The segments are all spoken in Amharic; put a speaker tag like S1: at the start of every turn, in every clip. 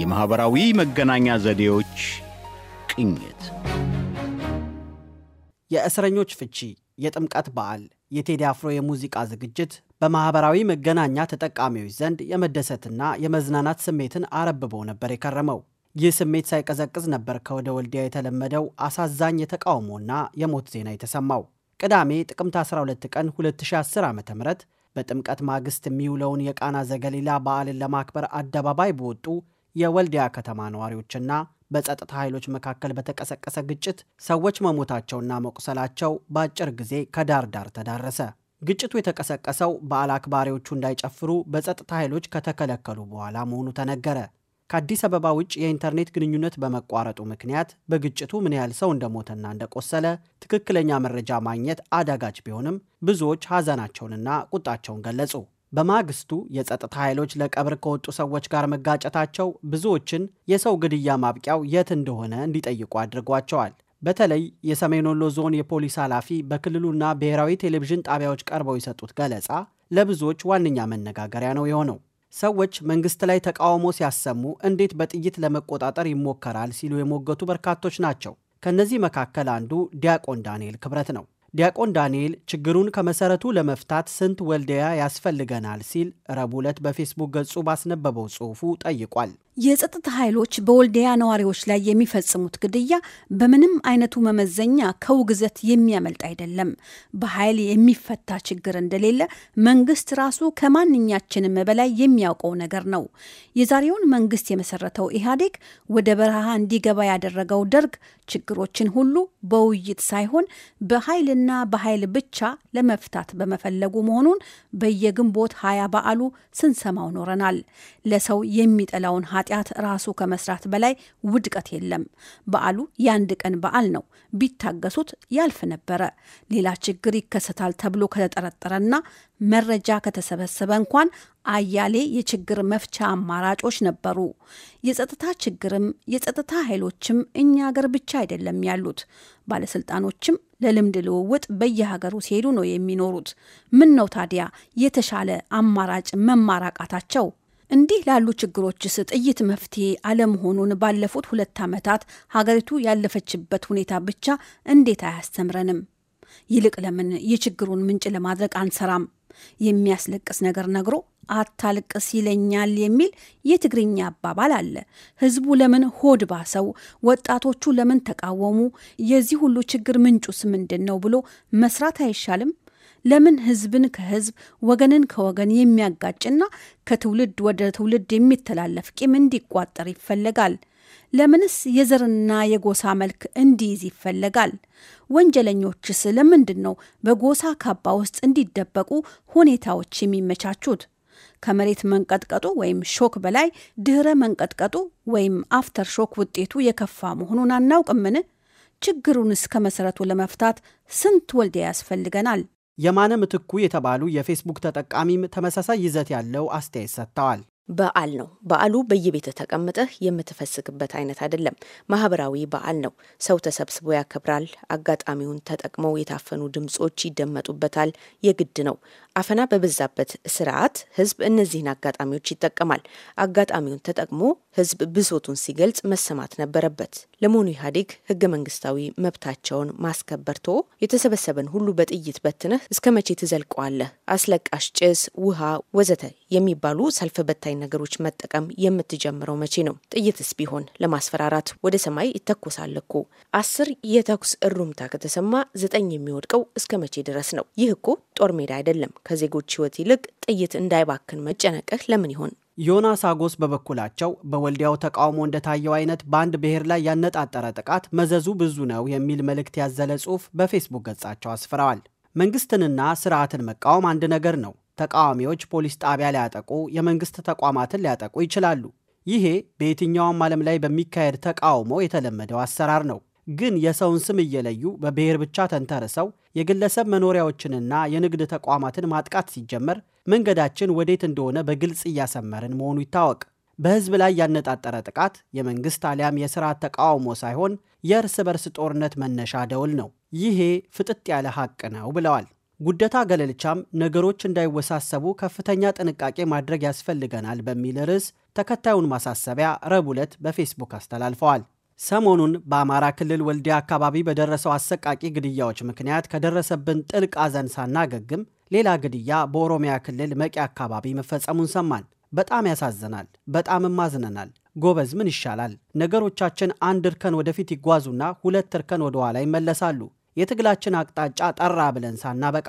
S1: የማኅበራዊ መገናኛ ዘዴዎች ቅኝት፣
S2: የእስረኞች ፍቺ፣ የጥምቀት በዓል፣ የቴዲ አፍሮ የሙዚቃ ዝግጅት በማኅበራዊ መገናኛ ተጠቃሚዎች ዘንድ የመደሰትና የመዝናናት ስሜትን አረብበው ነበር የከረመው። ይህ ስሜት ሳይቀዘቅዝ ነበር ከወደ ወልዲያ የተለመደው አሳዛኝ የተቃውሞና የሞት ዜና የተሰማው። ቅዳሜ ጥቅምት 12 ቀን 2010 ዓ ም በጥምቀት ማግስት የሚውለውን የቃና ዘገሊላ በዓልን ለማክበር አደባባይ በወጡ የወልዲያ ከተማ ነዋሪዎችና በጸጥታ ኃይሎች መካከል በተቀሰቀሰ ግጭት ሰዎች መሞታቸውና መቁሰላቸው በአጭር ጊዜ ከዳር ዳር ተዳረሰ። ግጭቱ የተቀሰቀሰው በዓል አክባሪዎቹ እንዳይጨፍሩ በጸጥታ ኃይሎች ከተከለከሉ በኋላ መሆኑ ተነገረ። ከአዲስ አበባ ውጭ የኢንተርኔት ግንኙነት በመቋረጡ ምክንያት በግጭቱ ምን ያህል ሰው እንደሞተና እንደቆሰለ ትክክለኛ መረጃ ማግኘት አዳጋች ቢሆንም ብዙዎች ሐዘናቸውንና ቁጣቸውን ገለጹ። በማግስቱ የጸጥታ ኃይሎች ለቀብር ከወጡ ሰዎች ጋር መጋጨታቸው ብዙዎችን የሰው ግድያ ማብቂያው የት እንደሆነ እንዲጠይቁ አድርጓቸዋል። በተለይ የሰሜን ወሎ ዞን የፖሊስ ኃላፊ በክልሉና ብሔራዊ ቴሌቪዥን ጣቢያዎች ቀርበው የሰጡት ገለጻ ለብዙዎች ዋነኛ መነጋገሪያ ነው የሆነው። ሰዎች መንግስት ላይ ተቃውሞ ሲያሰሙ እንዴት በጥይት ለመቆጣጠር ይሞከራል ሲሉ የሞገቱ በርካቶች ናቸው። ከእነዚህ መካከል አንዱ ዲያቆን ዳንኤል ክብረት ነው። ዲያቆን ዳንኤል ችግሩን ከመሰረቱ ለመፍታት ስንት ወልደያ ያስፈልገናል ሲል ረቡዕ ዕለት በፌስቡክ ገጹ ባስነበበው ጽሑፉ ጠይቋል።
S3: የጸጥታ ኃይሎች በወልዲያ ነዋሪዎች ላይ የሚፈጽሙት ግድያ በምንም አይነቱ መመዘኛ ከውግዘት የሚያመልጥ አይደለም። በኃይል የሚፈታ ችግር እንደሌለ መንግስት ራሱ ከማንኛችንም በላይ የሚያውቀው ነገር ነው። የዛሬውን መንግስት የመሰረተው ኢህአዴግ ወደ በረሃ እንዲገባ ያደረገው ደርግ ችግሮችን ሁሉ በውይይት ሳይሆን በኃይልና በኃይል ብቻ ለመፍታት በመፈለጉ መሆኑን በየግንቦት ሀያ በዓሉ ስንሰማው ኖረናል። ለሰው የሚጠላውን ኃጢአት ራሱ ከመስራት በላይ ውድቀት የለም። በዓሉ የአንድ ቀን በዓል ነው። ቢታገሱት ያልፍ ነበረ። ሌላ ችግር ይከሰታል ተብሎ ከተጠረጠረና መረጃ ከተሰበሰበ እንኳን አያሌ የችግር መፍቻ አማራጮች ነበሩ። የጸጥታ ችግርም የጸጥታ ኃይሎችም እኛ ሀገር ብቻ አይደለም ያሉት። ባለስልጣኖችም ለልምድ ልውውጥ በየሀገሩ ሲሄዱ ነው የሚኖሩት። ምን ነው ታዲያ የተሻለ አማራጭ መማራቃታቸው እንዲህ ላሉ ችግሮችስ ጥይት መፍትሄ አለመሆኑን ባለፉት ሁለት ዓመታት ሀገሪቱ ያለፈችበት ሁኔታ ብቻ እንዴት አያስተምረንም? ይልቅ ለምን የችግሩን ምንጭ ለማድረግ አንሰራም? የሚያስለቅስ ነገር ነግሮ አታልቅስ ይለኛል የሚል የትግርኛ አባባል አለ። ህዝቡ ለምን ሆድ ባሰው? ወጣቶቹ ለምን ተቃወሙ? የዚህ ሁሉ ችግር ምንጩስ ምንድን ነው ብሎ መስራት አይሻልም? ለምን ህዝብን ከህዝብ ወገንን ከወገን የሚያጋጭና ከትውልድ ወደ ትውልድ የሚተላለፍ ቂም እንዲቋጠር ይፈለጋል? ለምንስ የዘርና የጎሳ መልክ እንዲይዝ ይፈለጋል? ወንጀለኞችስ ለምንድን ነው በጎሳ ካባ ውስጥ እንዲደበቁ ሁኔታዎች የሚመቻቹት? ከመሬት መንቀጥቀጡ ወይም ሾክ በላይ ድህረ መንቀጥቀጡ ወይም አፍተር ሾክ ውጤቱ የከፋ መሆኑን አናውቅምን? ችግሩን እስከ መሰረቱ ለመፍታት ስንት ወልዲያ ያስፈልገናል?
S2: የማነ ምትኩ የተባሉ የፌስቡክ ተጠቃሚም ተመሳሳይ ይዘት ያለው አስተያየት ሰጥተዋል። በዓል ነው። በዓሉ
S4: በየቤት ተቀምጠህ የምትፈስክበት አይነት አይደለም። ማህበራዊ በዓል ነው። ሰው ተሰብስቦ ያከብራል። አጋጣሚውን ተጠቅመው የታፈኑ ድምጾች ይደመጡበታል። የግድ ነው። አፈና በበዛበት ስርዓት ህዝብ እነዚህን አጋጣሚዎች ይጠቀማል። አጋጣሚውን ተጠቅሞ ህዝብ ብሶቱን ሲገልጽ መሰማት ነበረበት። ለመሆኑ ኢህአዴግ ህገ መንግስታዊ መብታቸውን ማስከበርቶ የተሰበሰበን ሁሉ በጥይት በትነህ እስከ መቼ ትዘልቀዋለህ? አስለቃሽ ጭስ፣ ውሃ፣ ወዘተ የሚባሉ ሰልፍ በታይ ነገሮች መጠቀም የምትጀምረው መቼ ነው? ጥይትስ ቢሆን ለማስፈራራት ወደ ሰማይ ይተኮሳል እኮ። አስር የተኩስ እሩምታ ከተሰማ ዘጠኝ የሚወድቀው እስከ መቼ ድረስ ነው? ይህ እኮ ጦር ሜዳ
S2: አይደለም። ከዜጎች ሕይወት ይልቅ ጥይት እንዳይባክን መጨነቅህ ለምን ይሆን? ዮናስ አጎስ በበኩላቸው በወልዲያው ተቃውሞ እንደታየው አይነት በአንድ ብሔር ላይ ያነጣጠረ ጥቃት መዘዙ ብዙ ነው የሚል መልእክት ያዘለ ጽሑፍ በፌስቡክ ገጻቸው አስፍረዋል። መንግስትንና ስርዓትን መቃወም አንድ ነገር ነው። ተቃዋሚዎች ፖሊስ ጣቢያ ሊያጠቁ፣ የመንግስት ተቋማትን ሊያጠቁ ይችላሉ። ይሄ በየትኛውም ዓለም ላይ በሚካሄድ ተቃውሞ የተለመደው አሰራር ነው። ግን የሰውን ስም እየለዩ በብሔር ብቻ ተንተርሰው የግለሰብ መኖሪያዎችንና የንግድ ተቋማትን ማጥቃት ሲጀመር መንገዳችን ወዴት እንደሆነ በግልጽ እያሰመርን መሆኑ ይታወቅ። በህዝብ ላይ ያነጣጠረ ጥቃት የመንግስት አሊያም የስርዓት ተቃውሞ ሳይሆን የእርስ በርስ ጦርነት መነሻ ደውል ነው። ይሄ ፍጥጥ ያለ ሐቅ ነው ብለዋል። ጉደታ ገለልቻም ነገሮች እንዳይወሳሰቡ ከፍተኛ ጥንቃቄ ማድረግ ያስፈልገናል በሚል ርዕስ ተከታዩን ማሳሰቢያ ረቡዕ ዕለት በፌስቡክ አስተላልፈዋል። ሰሞኑን በአማራ ክልል ወልዲያ አካባቢ በደረሰው አሰቃቂ ግድያዎች ምክንያት ከደረሰብን ጥልቅ አዘን ሳናገግም ሌላ ግድያ በኦሮሚያ ክልል መቂ አካባቢ መፈጸሙን ሰማን። በጣም ያሳዝናል። በጣምም አዝነናል። ጎበዝ ምን ይሻላል? ነገሮቻችን አንድ እርከን ወደፊት ይጓዙና ሁለት እርከን ወደ ኋላ ይመለሳሉ። የትግላችን አቅጣጫ ጠራ ብለን ሳናበቃ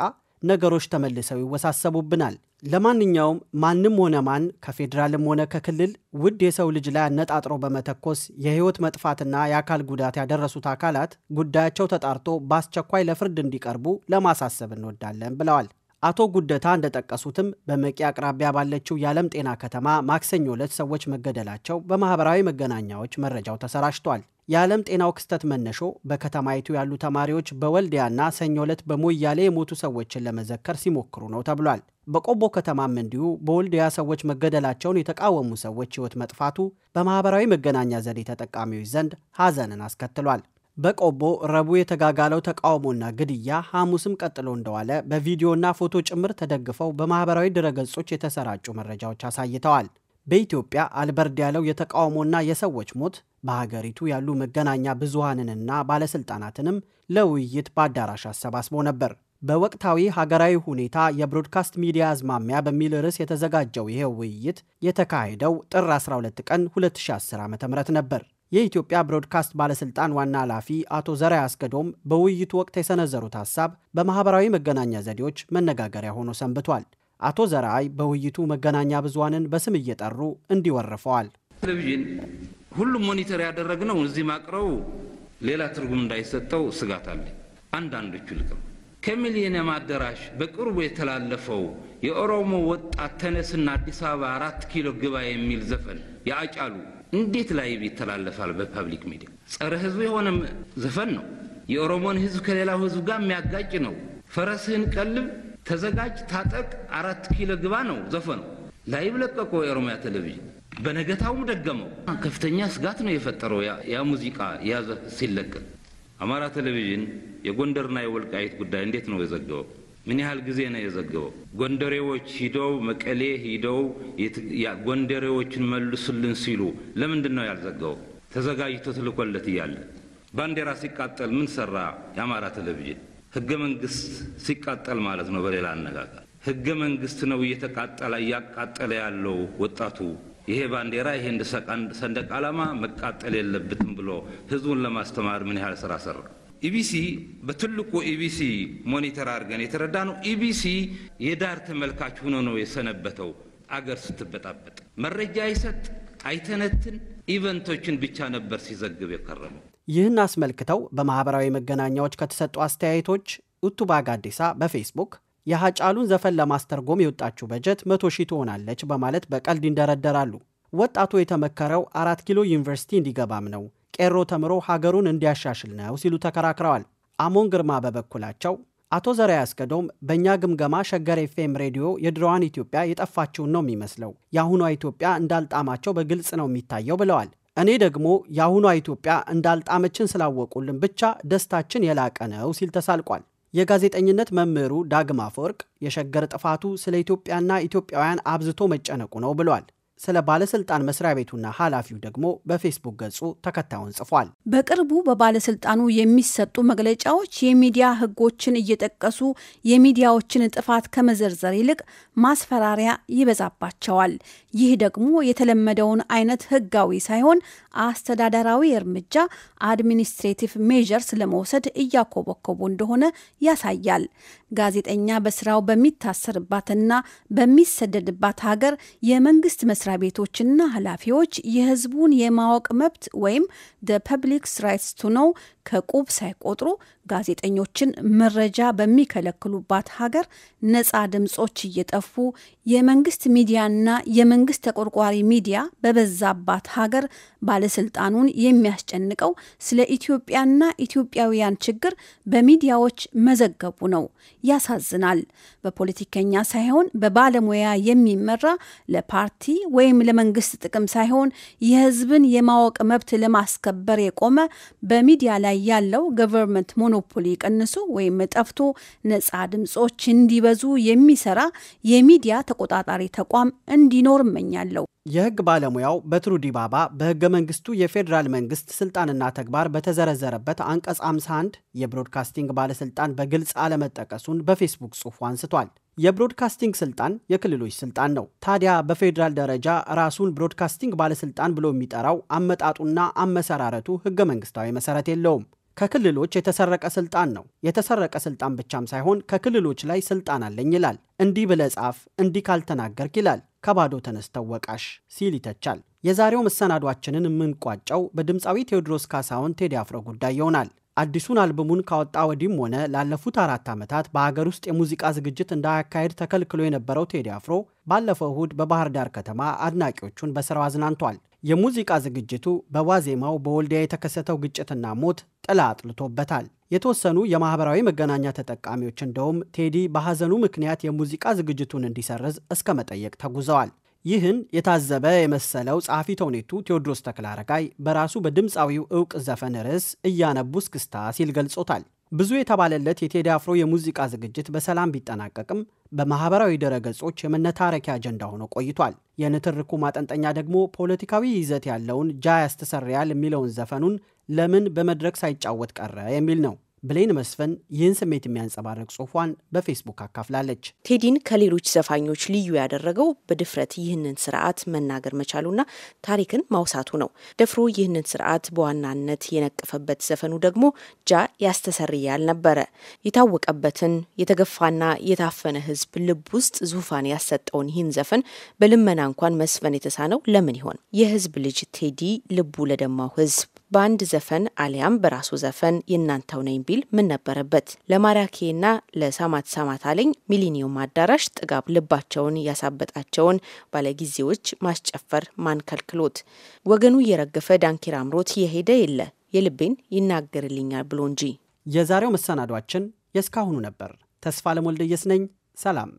S2: ነገሮች ተመልሰው ይወሳሰቡብናል። ለማንኛውም ማንም ሆነ ማን ከፌዴራልም ሆነ ከክልል ውድ የሰው ልጅ ላይ አነጣጥሮ በመተኮስ የህይወት መጥፋትና የአካል ጉዳት ያደረሱት አካላት ጉዳያቸው ተጣርቶ በአስቸኳይ ለፍርድ እንዲቀርቡ ለማሳሰብ እንወዳለን ብለዋል። አቶ ጉደታ እንደጠቀሱትም በመቂ አቅራቢያ ባለችው የዓለም ጤና ከተማ ማክሰኞ ዕለት ሰዎች መገደላቸው በማኅበራዊ መገናኛዎች መረጃው ተሰራጭቷል። የዓለም ጤናው ክስተት መነሾ በከተማይቱ ያሉ ተማሪዎች በወልዲያና ሰኞ ዕለት በሞያሌ የሞቱ ሰዎችን ለመዘከር ሲሞክሩ ነው ተብሏል። በቆቦ ከተማም እንዲሁ በወልዲያ ሰዎች መገደላቸውን የተቃወሙ ሰዎች ሕይወት መጥፋቱ በማኅበራዊ መገናኛ ዘዴ ተጠቃሚዎች ዘንድ ሐዘንን አስከትሏል። በቆቦ ረቡዕ የተጋጋለው ተቃውሞና ግድያ ሐሙስም ቀጥሎ እንደዋለ በቪዲዮና ፎቶ ጭምር ተደግፈው በማኅበራዊ ድረገጾች የተሰራጩ መረጃዎች አሳይተዋል። በኢትዮጵያ አልበርድ ያለው የተቃውሞና የሰዎች ሞት በሀገሪቱ ያሉ መገናኛ ብዙሃንንና ባለሥልጣናትንም ለውይይት በአዳራሽ አሰባስቦ ነበር። በወቅታዊ ሀገራዊ ሁኔታ የብሮድካስት ሚዲያ አዝማሚያ በሚል ርዕስ የተዘጋጀው ይሄ ውይይት የተካሄደው ጥር 12 ቀን 2010 ዓ ም ነበር። የኢትዮጵያ ብሮድካስት ባለሥልጣን ዋና ኃላፊ አቶ ዘራይ አስገዶም በውይይቱ ወቅት የሰነዘሩት ሐሳብ በማኅበራዊ መገናኛ ዘዴዎች መነጋገሪያ ሆኖ ሰንብቷል። አቶ ዘራይ በውይይቱ መገናኛ ብዙሃንን በስም እየጠሩ እንዲወርፈዋል።
S1: ቴሌቪዥን ሁሉም ሞኒተር ያደረግነው እዚህ ማቅረቡ ሌላ ትርጉም እንዳይሰጠው ስጋት አለ። አንዳንዶቹ ልቅም ከሚሊኒየም አዳራሽ በቅርቡ የተላለፈው የኦሮሞ ወጣት ተነስና አዲስ አበባ አራት ኪሎ ግባ የሚል ዘፈን የአጫሉ እንዴት ላይ ይተላለፋል? በፐብሊክ ሚዲያ ጸረ ህዝብ የሆነ ዘፈን ነው። የኦሮሞን ህዝብ ከሌላው ህዝብ ጋር የሚያጋጭ ነው። ፈረስህን ቀልብ፣ ተዘጋጅ፣ ታጠቅ፣ አራት ኪሎ ግባ ነው ዘፈኑ። ላይብ ለቀቆ የኦሮሚያ ቴሌቪዥን በነገታው ደገመው። ከፍተኛ ስጋት ነው የፈጠረው ያ ሙዚቃ ያዘ ሲለቀቅ። አማራ ቴሌቪዥን የጎንደርና የወልቃይት ጉዳይ እንዴት ነው የዘገበው? ምን ያህል ጊዜ ነው የዘገበው? ጎንደሬዎች ሂደው መቀሌ ሂደው ጎንደሬዎችን መልሱልን ሲሉ ለምንድን ነው ያልዘገበው? ተዘጋጅቶ ትልኮለት እያለ ባንዲራ ሲቃጠል ምን ሰራ የአማራ ቴሌቪዥን? ህገ መንግስት ሲቃጠል ማለት ነው። በሌላ አነጋገር ህገ መንግስት ነው እየተቃጠለ እያቃጠለ ያለው ወጣቱ ይሄ ባንዲራ ይሄ ሰንደቅ ዓላማ መቃጠል የለበትም ብሎ ህዝቡን ለማስተማር ምን ያህል ስራ ሰራ? ኢቢሲ በትልቁ ኢቢሲ ሞኒተር አድርገን የተረዳ ነው። ኢቢሲ የዳር ተመልካች ሆኖ ነው የሰነበተው። አገር ስትበጣበጥ መረጃ አይሰጥ አይተነትን፣ ኢቨንቶችን ብቻ ነበር ሲዘግብ የከረመው።
S2: ይህን አስመልክተው በማህበራዊ መገናኛዎች ከተሰጡ አስተያየቶች ኡቱባ ጋዴሳ በፌስቡክ የሀጫሉን ዘፈን ለማስተርጎም የወጣችው በጀት መቶ ሺህ ትሆናለች በማለት በቀልድ ይንደረደራሉ። ወጣቱ የተመከረው አራት ኪሎ ዩኒቨርሲቲ እንዲገባም ነው፣ ቄሮ ተምሮ ሀገሩን እንዲያሻሽል ነው ሲሉ ተከራክረዋል። አሞን ግርማ በበኩላቸው አቶ ዘርዓ አስገዶም በእኛ ግምገማ ሸገር ኤፍኤም ሬዲዮ የድሮዋን ኢትዮጵያ የጠፋችውን ነው የሚመስለው፣ የአሁኗ ኢትዮጵያ እንዳልጣማቸው በግልጽ ነው የሚታየው ብለዋል። እኔ ደግሞ የአሁኗ ኢትዮጵያ እንዳልጣመችን ስላወቁልን ብቻ ደስታችን የላቀ ነው ሲል ተሳልቋል። የጋዜጠኝነት መምህሩ ዳግማ አፈወርቅ የሸገር ጥፋቱ ስለ ኢትዮጵያና ኢትዮጵያውያን አብዝቶ መጨነቁ ነው ብሏል። ስለ ባለስልጣን መስሪያ ቤቱና ኃላፊው ደግሞ በፌስቡክ ገጹ ተከታዩን ጽፏል። በቅርቡ በባለስልጣኑ
S3: የሚሰጡ መግለጫዎች የሚዲያ ሕጎችን እየጠቀሱ የሚዲያዎችን ጥፋት ከመዘርዘር ይልቅ ማስፈራሪያ ይበዛባቸዋል። ይህ ደግሞ የተለመደውን አይነት ሕጋዊ ሳይሆን አስተዳደራዊ እርምጃ አድሚኒስትሬቲቭ ሜዥርስ ለመውሰድ እያኮበኮቡ እንደሆነ ያሳያል። ጋዜጠኛ በስራው በሚታሰርባትና በሚሰደድባት ሀገር የመንግስት መስ መስሪያ ቤቶችና ኃላፊዎች የህዝቡን የማወቅ መብት ወይም ደ ፐብሊክስ ራይትስ ቱ ነው ከቁብ ሳይቆጥሩ ጋዜጠኞችን መረጃ በሚከለክሉባት ሀገር ነጻ ድምጾች እየጠፉ የመንግስት ሚዲያና የመንግስት ተቆርቋሪ ሚዲያ በበዛባት ሀገር ባለስልጣኑን የሚያስጨንቀው ስለ ኢትዮጵያና ኢትዮጵያውያን ችግር በሚዲያዎች መዘገቡ ነው። ያሳዝናል። በፖለቲከኛ ሳይሆን በባለሙያ የሚመራ ለፓርቲ ወይም ለመንግስት ጥቅም ሳይሆን የህዝብን የማወቅ መብት ለማስከበር የቆመ በሚዲያ ላይ ያለው ገቨርንመንት ሞኖፖሊ ቀንሶ ወይም ጠፍቶ ነጻ ድምፆች እንዲበዙ የሚሰራ የሚዲያ ተቆጣጣሪ ተቋም እንዲኖር እመኛለሁ።
S2: የህግ ባለሙያው በትሩ ዲባባ በህገ መንግስቱ የፌዴራል መንግስት ስልጣንና ተግባር በተዘረዘረበት አንቀጽ 51 የብሮድካስቲንግ ባለስልጣን በግልጽ አለመጠቀሱን በፌስቡክ ጽሑፉ አንስቷል። የብሮድካስቲንግ ስልጣን የክልሎች ስልጣን ነው። ታዲያ በፌዴራል ደረጃ ራሱን ብሮድካስቲንግ ባለስልጣን ብሎ የሚጠራው አመጣጡና አመሰራረቱ ህገ መንግስታዊ መሰረት የለውም። ከክልሎች የተሰረቀ ስልጣን ነው። የተሰረቀ ስልጣን ብቻም ሳይሆን ከክልሎች ላይ ስልጣን አለኝ ይላል። እንዲህ ብለጻፍ ጻፍ፣ እንዲህ ካልተናገርክ ይላል። ከባዶ ተነስተው ወቃሽ ሲል ይተቻል። የዛሬው መሰናዷችንን የምንቋጨው በድምፃዊ ቴዎድሮስ ካሳሁን ቴዲ አፍሮ ጉዳይ ይሆናል። አዲሱን አልበሙን ካወጣ ወዲህም ሆነ ላለፉት አራት ዓመታት በሀገር ውስጥ የሙዚቃ ዝግጅት እንዳያካሄድ ተከልክሎ የነበረው ቴዲ አፍሮ ባለፈው እሁድ በባህር ዳር ከተማ አድናቂዎቹን በስራው አዝናንቷል። የሙዚቃ ዝግጅቱ በዋዜማው በወልዲያ የተከሰተው ግጭትና ሞት ጥላ አጥልቶበታል። የተወሰኑ የማህበራዊ መገናኛ ተጠቃሚዎች እንደውም ቴዲ በሐዘኑ ምክንያት የሙዚቃ ዝግጅቱን እንዲሰርዝ እስከ መጠየቅ ተጉዘዋል። ይህን የታዘበ የመሰለው ጸሐፊ ተውኔቱ ቴዎድሮስ ተክለ አረጋይ በራሱ በድምፃዊው እውቅ ዘፈን ርዕስ እያነቡ እስክስታ ሲል ገልጾታል። ብዙ የተባለለት የቴዲ አፍሮ የሙዚቃ ዝግጅት በሰላም ቢጠናቀቅም በማህበራዊ ድረገጾች የመነታረኪያ አጀንዳ ሆኖ ቆይቷል። የንትርኩ ማጠንጠኛ ደግሞ ፖለቲካዊ ይዘት ያለውን ጃ ያስተሰርያል የሚለውን ዘፈኑን ለምን በመድረክ ሳይጫወት ቀረ የሚል ነው። ብሌን መስፍን ይህን ስሜት የሚያንጸባረቅ ጽሁፏን በፌስቡክ አካፍላለች። ቴዲን ከሌሎች ዘፋኞች ልዩ ያደረገው በድፍረት ይህንን ስርዓት መናገር መቻሉና
S4: ታሪክን ማውሳቱ ነው። ደፍሮ ይህንን ስርዓት በዋናነት የነቀፈበት ዘፈኑ ደግሞ ጃ ያስተሰርያል ነበረ። የታወቀበትን የተገፋና የታፈነ ህዝብ ልብ ውስጥ ዙፋን ያሰጠውን ይህን ዘፈን በልመና እንኳን መስፈን የተሳነው ለምን ይሆን? የህዝብ ልጅ ቴዲ ልቡ ለደማው ህዝብ በአንድ ዘፈን አሊያም በራሱ ዘፈን የእናንተው ነኝ ቢል ምን ነበረበት? ለማራኪና ለሳማት ሳማት አለኝ ሚሊኒየም አዳራሽ ጥጋብ ልባቸውን ያሳበጣቸውን ባለጊዜዎች ማስጨፈር ማንከልክሎት
S2: ወገኑ እየረገፈ ዳንኪራ አምሮት የሄደ የለ የልቤን ይናገርልኛል ብሎ እንጂ። የዛሬው መሰናዷችን የእስካሁኑ ነበር። ተስፋ ለሞልደየስ ነኝ። ሰላም።